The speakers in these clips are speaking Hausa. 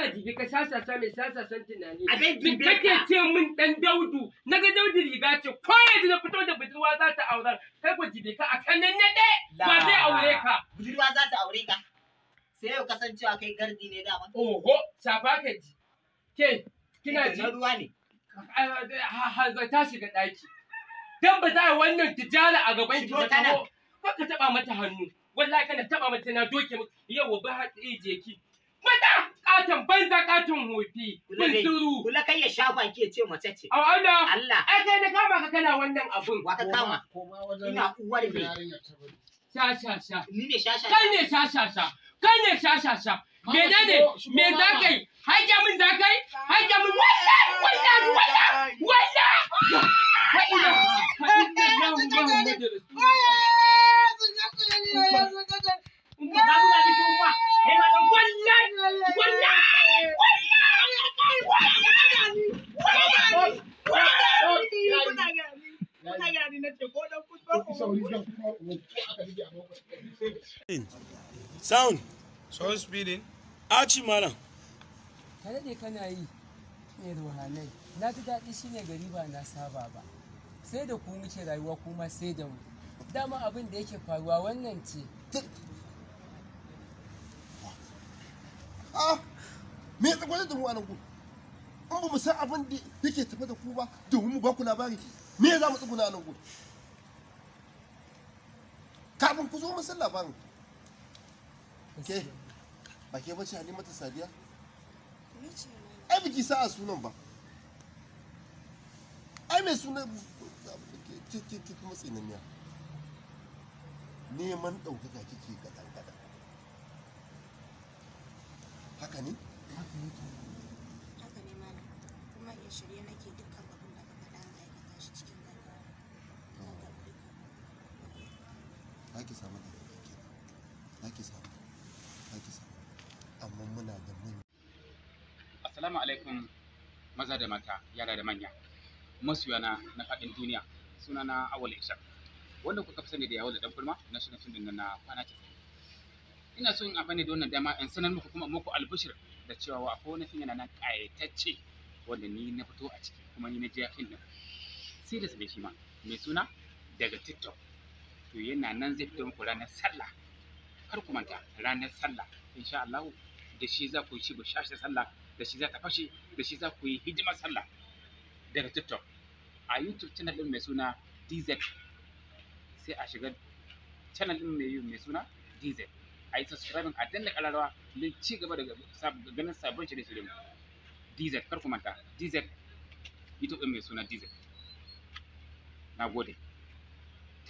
Allah jibi ka sasasa mai sasasan tunani. A dai jibi ka. Kake ce min dan Daudu, na ga Daudu riga ce ko yanzu na fito da budurwa za ta aurar, kai ku jibi ka a kan nan ne ba zai aure ka. Budurwa za ta aure ka. Sai yau kasancewa kai gardi ne dama. Oho, shafa ka ji. Ke, kina ji. Na ruwa ne. Ta shiga ɗaki. Dan ba za a wannan tijara a gaban ki ba ta ka taɓa mata hannu. Wallahi kana taɓa mata na doke yau ba haɗe je ki. Mata! katon banza katon hofi bunsuru kula kai ya sha baki ce mace ce a Allah Allah ai kai da kama ka kana wannan abun wa ka kama ina uwar me sha sha sha ni ne sha sha kai ne sha sha sha kai ne sha sha sha menene me za kai Sound. Sound speeding. Aci malam. Ka daɗe kana yi ne ruhanai. Na ji daɗi shi ne gari ba na saba ba. Sai da ku muke rayuwa kuma sai da mu. Dama abin da yake faruwa wannan ce. Ah! Me ya tsakwatar da mu a nan in ba mu san abin da yake tafi da ku ba domin mu ba ku labari me za mu tsuguna nan gobe? kafin ku zo mu san labarin ke ba ke bace ta sadiya ai biki sa'a sunan ba ai mai sunan ke kuma tsinaniya neman ɗaukaka kike kaɗan-kaɗan haka ne? haka ne a shirye nake dukkan abin da ka faɗa na aikata shi cikin gaggawa Naki samu da yake naki samu naki samu amma muna da mun Assalamu alaikum maza da mata yara da manya masoyana na faɗin duniya sunana Awal Ishaq wanda kuka fi sani da yawo da ɗan kulma na shirin fim din na kwana 90 ina so in amfani da wannan dama in sanar muku kuma muku albishir da cewa akwai wani fim yana nan ƙayatacce wanda ni na fito a ciki kuma ni na ji yaƙin nan da ne shi ma mai suna daga tiktok to yana nan zai fito muku ranar sallah kar ku manta ranar sallah insha Allah da shi za ku shi bishashin sallah da shi za ta fashe da shi za ku yi hidimar sallah daga tiktok a youtube channel din mai suna dz sai a shiga channel din mai mai suna dz a yi subscribing a danna kararrawa don ci gaba da ganin sabon shirye-shiryen DZ kar ku manta DZ din mai suna DZ na gode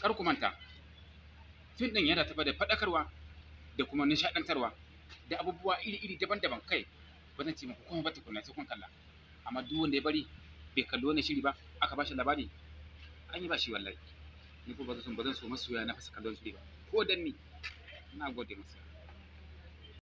kar ku manta fim din yana tafa da faɗakarwa da kuma nishaɗantarwa da abubuwa iri-iri daban-daban kai ba zan ce muku kuma ba tukuna sai kun kalla amma duk wanda ya bari bai kalli wani shiri ba aka ba shi labari an yi ba shi wallahi ni ko ba zan so masoya na fasa kallon shiri ba ko dan ni na gode masa